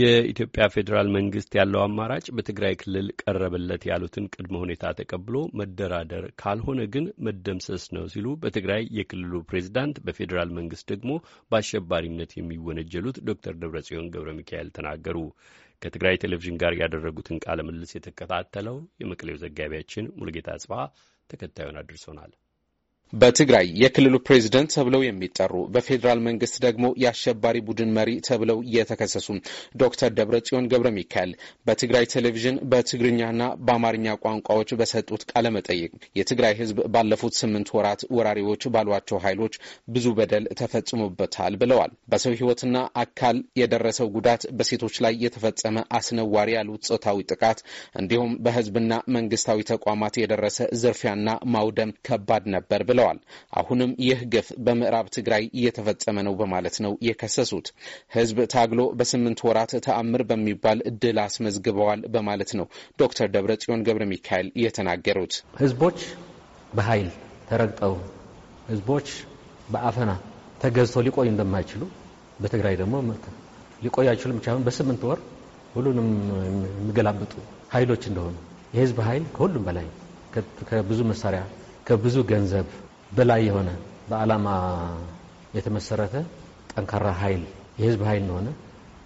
የኢትዮጵያ ፌዴራል መንግስት ያለው አማራጭ በትግራይ ክልል ቀረበለት ያሉትን ቅድመ ሁኔታ ተቀብሎ መደራደር ካልሆነ ግን መደምሰስ ነው ሲሉ በትግራይ የክልሉ ፕሬዚዳንት በፌዴራል መንግስት ደግሞ በአሸባሪነት የሚወነጀሉት ዶክተር ደብረጽዮን ገብረ ሚካኤል ተናገሩ። ከትግራይ ቴሌቪዥን ጋር ያደረጉትን ቃለ ምልልስ የተከታተለው የመቀሌው ዘጋቢያችን ሙልጌታ ጽባ ተከታዩን አድርሶናል። በትግራይ የክልሉ ፕሬዚደንት ተብለው የሚጠሩ በፌዴራል መንግስት ደግሞ የአሸባሪ ቡድን መሪ ተብለው የተከሰሱ ዶክተር ደብረጽዮን ገብረ ሚካኤል በትግራይ ቴሌቪዥን በትግርኛና በአማርኛ ቋንቋዎች በሰጡት ቃለ መጠይቅ የትግራይ ህዝብ ባለፉት ስምንት ወራት ወራሪዎች ባሏቸው ኃይሎች ብዙ በደል ተፈጽሞበታል ብለዋል። በሰው ህይወትና አካል የደረሰው ጉዳት፣ በሴቶች ላይ የተፈጸመ አስነዋሪ ያሉት ጾታዊ ጥቃት እንዲሁም በህዝብና መንግስታዊ ተቋማት የደረሰ ዝርፊያና ማውደም ከባድ ነበር ብለዋል። ብለዋል። አሁንም ይህ ግፍ በምዕራብ ትግራይ እየተፈጸመ ነው በማለት ነው የከሰሱት። ህዝብ ታግሎ በስምንት ወራት ተአምር በሚባል ድል አስመዝግበዋል በማለት ነው ዶክተር ደብረ ጽዮን ገብረ ሚካኤል የተናገሩት። ህዝቦች በኃይል ተረግጠው ህዝቦች በአፈና ተገዝተው ሊቆዩ እንደማይችሉ በትግራይ ደግሞ ሊቆዩ አይችሉም ብቻ በስምንት ወር ሁሉንም የሚገላብጡ ኃይሎች እንደሆኑ የህዝብ ኃይል ከሁሉም በላይ ከብዙ መሳሪያ ከብዙ ገንዘብ በላይ የሆነ በዓላማ የተመሰረተ ጠንካራ ኃይል የህዝብ ኃይል እንደሆነ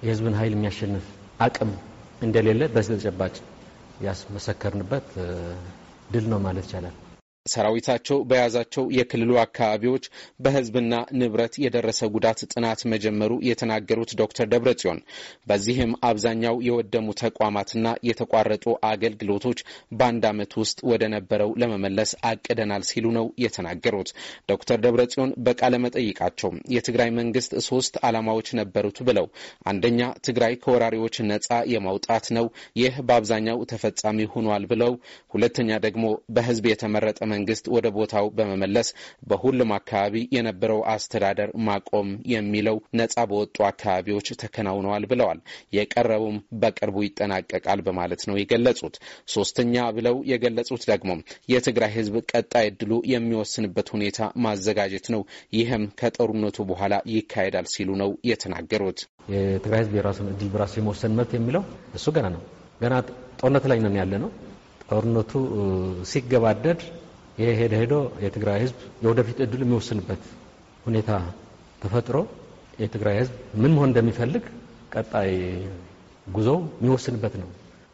የህዝብን ኃይል የሚያሸንፍ አቅም እንደሌለ በስተጨባጭ ያስመሰከርንበት ድል ነው ማለት ይቻላል። ሰራዊታቸው በያዛቸው የክልሉ አካባቢዎች በህዝብና ንብረት የደረሰ ጉዳት ጥናት መጀመሩ የተናገሩት ዶክተር ደብረጽዮን በዚህም አብዛኛው የወደሙ ተቋማትና የተቋረጡ አገልግሎቶች በአንድ ዓመት ውስጥ ወደ ነበረው ለመመለስ አቅደናል ሲሉ ነው የተናገሩት። ዶክተር ደብረጽዮን በቃለ መጠይቃቸው የትግራይ መንግስት ሶስት ዓላማዎች ነበሩት ብለው አንደኛ ትግራይ ከወራሪዎች ነፃ የማውጣት ነው፣ ይህ በአብዛኛው ተፈጻሚ ሆኗል ብለው ሁለተኛ ደግሞ በህዝብ የተመረጠ መንግስት ወደ ቦታው በመመለስ በሁሉም አካባቢ የነበረው አስተዳደር ማቆም የሚለው ነጻ በወጡ አካባቢዎች ተከናውነዋል ብለዋል። የቀረቡም በቅርቡ ይጠናቀቃል በማለት ነው የገለጹት። ሶስተኛ ብለው የገለጹት ደግሞ የትግራይ ህዝብ ቀጣይ እድሉ የሚወስንበት ሁኔታ ማዘጋጀት ነው። ይህም ከጦርነቱ በኋላ ይካሄዳል ሲሉ ነው የተናገሩት። የትግራይ ህዝብ የራሱን እድል በራሱ የመወሰን መብት የሚለው እሱ ገና ነው። ገና ጦርነት ላይ ነን ያለ ነው። ጦርነቱ ሲገባደድ ይሄ ሄደ ሄዶ የትግራይ ህዝብ የወደፊት እድል የሚወስንበት ሁኔታ ተፈጥሮ የትግራይ ህዝብ ምን መሆን እንደሚፈልግ ቀጣይ ጉዞው የሚወስንበት ነው።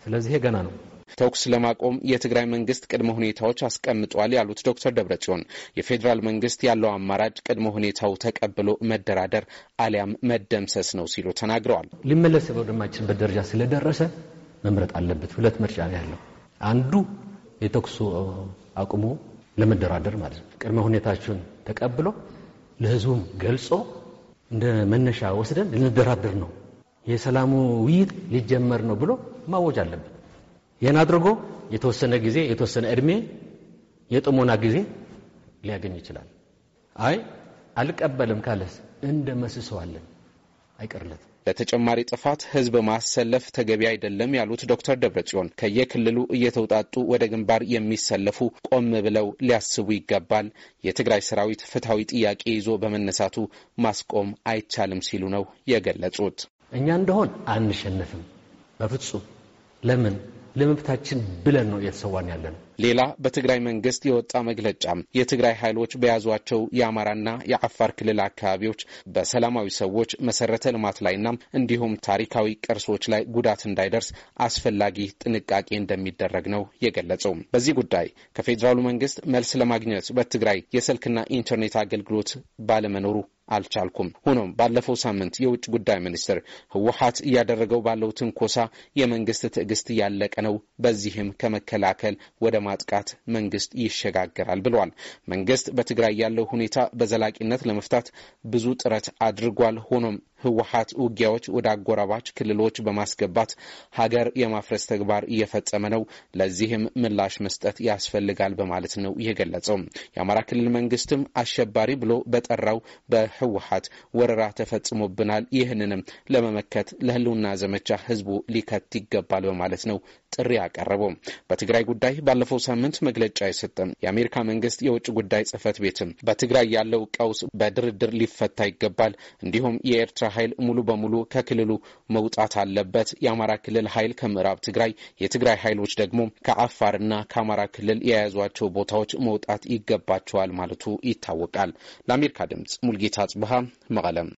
ስለዚህ ገና ነው። ተኩስ ለማቆም የትግራይ መንግስት ቅድመ ሁኔታዎች አስቀምጧል ያሉት ዶክተር ደብረጽዮን የፌዴራል መንግስት ያለው አማራጭ ቅድመ ሁኔታው ተቀብሎ መደራደር አሊያም መደምሰስ ነው ሲሉ ተናግረዋል። ሊመለስ በወደማችንበት ደረጃ ስለደረሰ መምረጥ አለበት። ሁለት ምርጫ ያለው። አንዱ የተኩሱ አቁሙ ለመደራደር ማለት ነው። ቅድመ ሁኔታችሁን ተቀብሎ ለህዝቡም ገልጾ እንደ መነሻ ወስደን ልንደራደር ነው፣ የሰላሙ ውይይት ሊጀመር ነው ብሎ ማወጅ አለበት። ይህን አድርጎ የተወሰነ ጊዜ የተወሰነ ዕድሜ የጥሞና ጊዜ ሊያገኝ ይችላል። አይ አልቀበልም ካለስ እንደ መስሰዋለን አይቀርለትም። ለተጨማሪ ጥፋት ህዝብ ማሰለፍ ተገቢ አይደለም ያሉት ዶክተር ደብረጽዮን ከየክልሉ እየተውጣጡ ወደ ግንባር የሚሰለፉ ቆም ብለው ሊያስቡ ይገባል። የትግራይ ሰራዊት ፍትሐዊ ጥያቄ ይዞ በመነሳቱ ማስቆም አይቻልም ሲሉ ነው የገለጹት። እኛ እንደሆን አንሸነፍም በፍጹም ለምን ለመብታችን ብለን ነው እየተሰዋን ያለ ነው። ሌላ በትግራይ መንግስት የወጣ መግለጫ የትግራይ ኃይሎች በያዟቸው የአማራና የአፋር ክልል አካባቢዎች በሰላማዊ ሰዎች መሰረተ ልማት ላይና እንዲሁም ታሪካዊ ቅርሶች ላይ ጉዳት እንዳይደርስ አስፈላጊ ጥንቃቄ እንደሚደረግ ነው የገለጸው። በዚህ ጉዳይ ከፌዴራሉ መንግስት መልስ ለማግኘት በትግራይ የስልክና ኢንተርኔት አገልግሎት ባለመኖሩ አልቻልኩም። ሆኖም ባለፈው ሳምንት የውጭ ጉዳይ ሚኒስትር ህወሀት እያደረገው ባለው ትንኮሳ የመንግስት ትዕግስት እያለቀ ነው፣ በዚህም ከመከላከል ወደ ማጥቃት መንግስት ይሸጋገራል ብሏል። መንግስት በትግራይ ያለው ሁኔታ በዘላቂነት ለመፍታት ብዙ ጥረት አድርጓል። ሆኖም ህወሀት ውጊያዎች ወደ አጎራባች ክልሎች በማስገባት ሀገር የማፍረስ ተግባር እየፈጸመ ነው። ለዚህም ምላሽ መስጠት ያስፈልጋል በማለት ነው የገለጸው። የአማራ ክልል መንግስትም አሸባሪ ብሎ በጠራው በህወሀት ወረራ ተፈጽሞብናል። ይህንንም ለመመከት ለህልውና ዘመቻ ህዝቡ ሊከት ይገባል በማለት ነው ጥሪ ያቀረበው። በትግራይ ጉዳይ ባለፈው ሳምንት መግለጫ የሰጠም የአሜሪካ መንግስት የውጭ ጉዳይ ጽህፈት ቤትም በትግራይ ያለው ቀውስ በድርድር ሊፈታ ይገባል እንዲሁም የኤርትራ ኃይል ሙሉ በሙሉ ከክልሉ መውጣት አለበት። የአማራ ክልል ኃይል ከምዕራብ ትግራይ፣ የትግራይ ኃይሎች ደግሞ ከአፋርና ከአማራ ክልል የያዟቸው ቦታዎች መውጣት ይገባቸዋል ማለቱ ይታወቃል። ለአሜሪካ ድምጽ ሙልጌታ ጽብሃ መቀለም